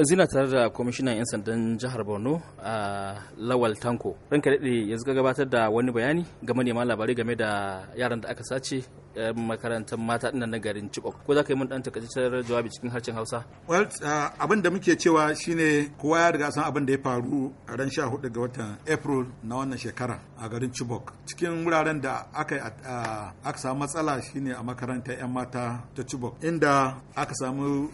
zina tare da kwamishinan 'yan sandan jihar borno a lawal tanko ranka daɗe yanzu ka gabatar da wani bayani ga manema labarai game da yaran da aka sace makarantar mata ɗin na garin chibok ko za ka yi mun ɗan takaitaccen jawabi cikin harshen hausa well abin da muke cewa shine kowa ya riga san abin da ya faru a ran 14 ga watan april na wannan shekara a garin chibok cikin wuraren da aka aka samu matsala shine a makarantar 'yan mata ta chibok inda aka samu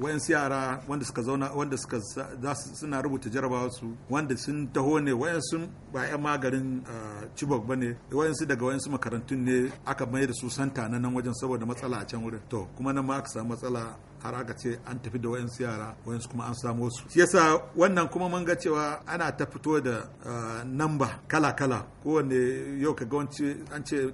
wayansu yara wanda suka zauna wanda suka za su suna rubuta jarabawa su wanda sun taho ne wayansu ba yan magarin Chibok ne wayansu daga wayansu makarantun ne aka mai da su santa na nan wajen saboda matsala a can wurin to kuma nan ma aka samu matsala har aka ce an tafi da wayansu yara wayansu kuma an samo su shi yasa wannan kuma mun ga cewa ana ta fito da namba kala-kala kowanne yau ka ga an ce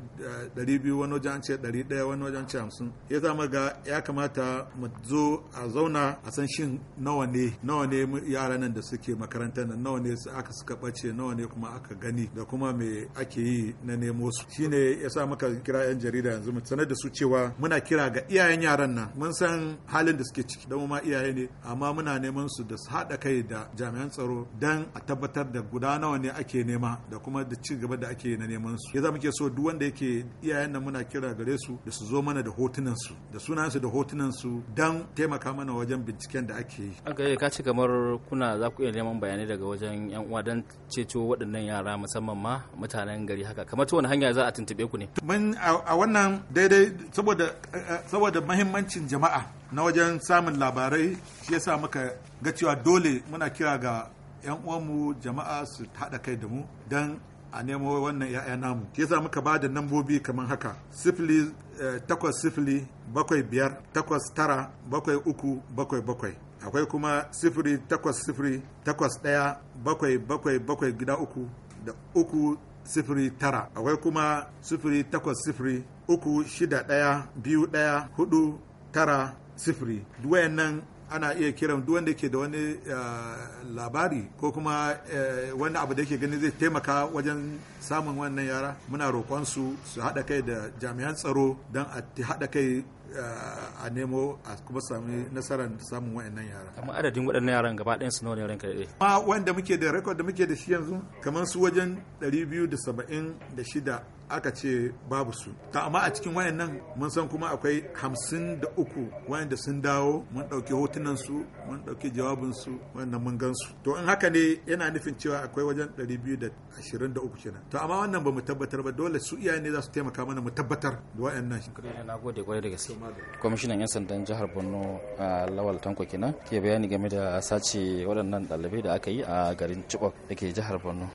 200 wani wajen an ce 100 wani wajen an ce 50 ya zama ga ya kamata mu zo a zauna a san shin nawa ne nawa ne yara nan da suke makarantar nan nawa ne aka suka bace nawa ne kuma aka gani da kuma me ake yi na nemo su shine yasa muka kira yan jarida yanzu mu sanar da su cewa muna kira ga iyayen yaran nan mun san halin da suke ciki don ma iyaye ne amma muna neman su da su haɗa kai da jami'an tsaro dan a tabbatar da guda nawa ne ake nema da kuma da ci gaba da ake na neman su yasa muke so duk wanda yake iyayen nan muna kira gare su da su zo mana da hotunan su da sunan su da hotunan su dan taimaka mana wajen binciken da ake yi Aka yi kaci kamar kuna za ku iya neman bayanai daga wajen yan uwa don ceto waɗannan yara musamman ma mutanen gari haka kamar ta wani hanya za a tuntube ku ne mun a wannan daidai eh, eh, saboda mahimmancin jama'a na wajen samun labarai shi yasa muka ga cewa dole muna kira ga 'yan uwanmu jama'a su haɗa kai da mu don a nemo wannan ya'ya namu ke za muka ba da nambobi kamar haka sifili eh, takwas sifili bakwai biyar takwas tara bakwai uku bakwai bakwai akwai kuma sifiri takwas sifiri takwas ɗaya bakwai bakwai bakwai gida uku da uku sifiri tara akwai kuma sifiri takwas sifiri uku shida ɗaya biyu ɗaya hudu tara sifiri duwayen nan ana iya kiran duk wanda ke da wani eh, labari ko kuma eh, wani abu da yake gani zai taimaka wajen samun wannan yara muna roƙon su su haɗa kai da jami'an tsaro don a haɗa kai a nemo a kuma sami nasarar samun waɗannan yara. amma adadin waɗannan yaran gaba ɗayan su nawa ne ranka dai ma wanda muke da rekod da muke da shi yanzu kamar su wajen 276 aka ce babu su ta amma a cikin wayannan mun san kuma akwai hamsin da uku sun dawo mun ɗauki hotunan su mun ɗauki jawabin su wannan mun gan su to in haka ne yana nufin cewa akwai wajen 223 kenan to amma wannan ba mu tabbatar ba dole su iyaye ne za su taimaka mana mu tabbatar da wayannan shi eh, na gode kwarai da gaske kwamishinan 'yan sandan jihar borno a lawal tanko kenan ke bayani game da sace waɗannan ɗalibai da aka yi a garin chibok da ke jihar borno